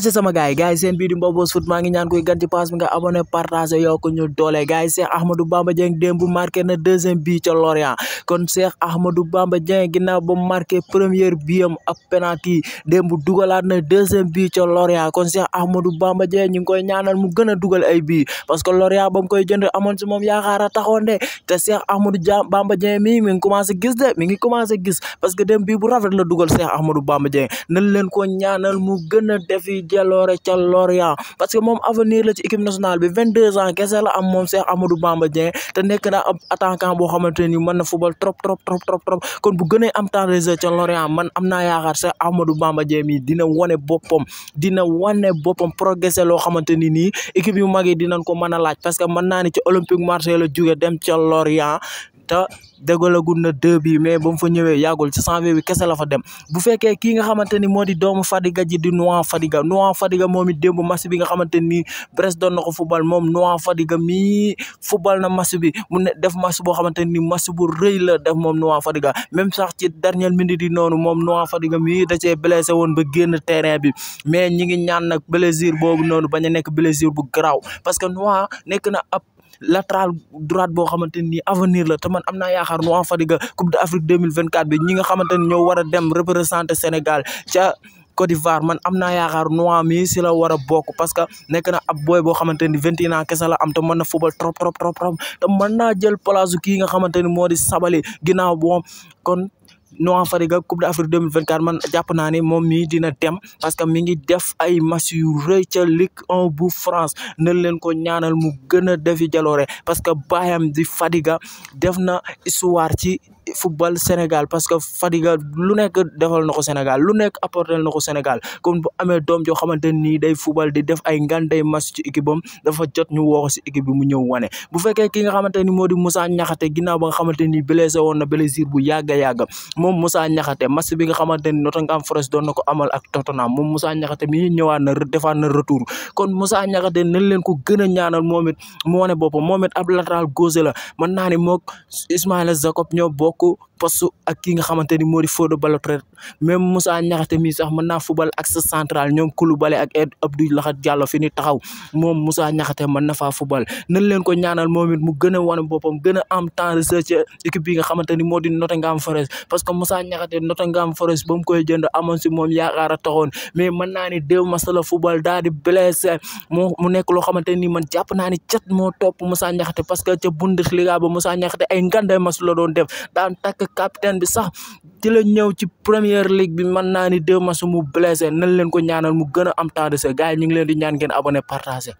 acca sama gars yi seen bii di Mbobos Foot maa ngi ñaan koy gan pass bi nga abonné partagé yokk ñu doole gars yi Bamba Dieng démb marqué na na deuxième bi ca Lorient kon Cheikh Ahmadou Bamba Dieng ñu koy ñaanal mu gën a ay bii parce que Lorient ba koy jënd amoon si moom yaakaar a taxoon de te Cheikh Bamba Dieng mi mi ngi commencé de mi ngi commencé gis parce que démb bii bu rafet la dugal Cheikh Ahmadou Bamba Dieng nañ leen ko ñaanal mu gën a jaloore ca lor ya parce que moom avenir la ci équipe nationale bi 22 ans kese la am moom Cheikh Amadou Bamba Dieng te nekk na ab attaquant boo xamante ni mën na football trop trop trop trop trop kon bu gënee am temps de jeu man am naa yaakaar Cheikh Amadou Bamba Dieng mi dina wane boppam dina wane boppam progressé loo xamante ni nii équipe yu mag yi dinañ ko mën a laaj parce que mën naa ni ci Olympique Marseille la jóge dem ca Lorient ta degola na deux bi mais bam fa ñëwé yagul ci 100 bi kessa la fa dem bu féké ki nga xamanteni ni di doomu Fadiga ji di Noah Fadiga Noah Fadiga momi dembu démb match bi nga xamanteni press don doon na ko football mom Noah Fadiga mi football na match bi mu def match bo xamanteni ni match bu reuy la def mom Noah Fadiga même sax ci dernière minute di nonu mom Noah Fadiga mi da ci blessé won ba génn terrain bi mais ñi ngi ñaan nak blessure bobu nonu baña nek bu graw parce que Noah nek na latéral droite boo xamante ni avenir la te man am naa yaakaar Noah Fadiga Coupe d'Afrique 2024 bi ñi nga xamante ni ñoo war a dem représenter Sénégal ca Côte d'Ivoire man am naa yaakaar Noah mi si war a bokk parce que nekk na ab booy boo xamante ni vingt et un ans kese la am te mën football trop trop trop te mën naa jël place kii nga xamante ni moo di Sabaly ginnaaw boom kon Noah Fadiga Coupe d'Afrique 2024 man jàpp naa ne moom mii dina dem parce que mi ngi def ay match yu rëy ca Ligue 1 bu France na leen ko ñaanal mu gën a defi jaloore parce que baayam di Fadiga def na histoire ci football Sénégal parce que Fadiga lu nekk defal Sénégal lu apporté na Sénégal kon bu amee doom joo xamante nii football di def ay ngan day match ci équipe am dafa jot ñu woo ko si ki nga xamante Moussa Niakhaté ginnaaw ba nga xamante ni blessé woon na blessure bu yàgg a Moussa Niakhaté match bi nga xamante ni Nottingham Forest amal ak Tottenham moom Moussa Niakhaté mi ñëwaat na defaat na retour kon Moussa a ko poste ak ki nga xamante ni moo di Fodé Ballo-Touré même Moussa Niakhaté mii sax mën naa fubal axe central ñoom Koulibaly ak Abdou Lakhat Diallo fi taxaw moom Moussa Niakhaté mën na faa fubal nañ ñaanal moom it mu a wane boppam gën a am temps Forest parce que Moussa Niakhaté Nottingham Forest ba mu koy jënd amoon si moom yaakaar a taxoon mais mën naa masala fubal daal di blessé moo mu loo xamante ni man jàpp naa ni cat moo topp parce que ca Bundesliga capitaine bi sax di la ñëw ci premier ligue bi mën naa ni deux matchs mu blessé nañ leen ko ñaanal mu gën a am temps de jeu gars yi ngi leen di ñaan ngeen abonné partager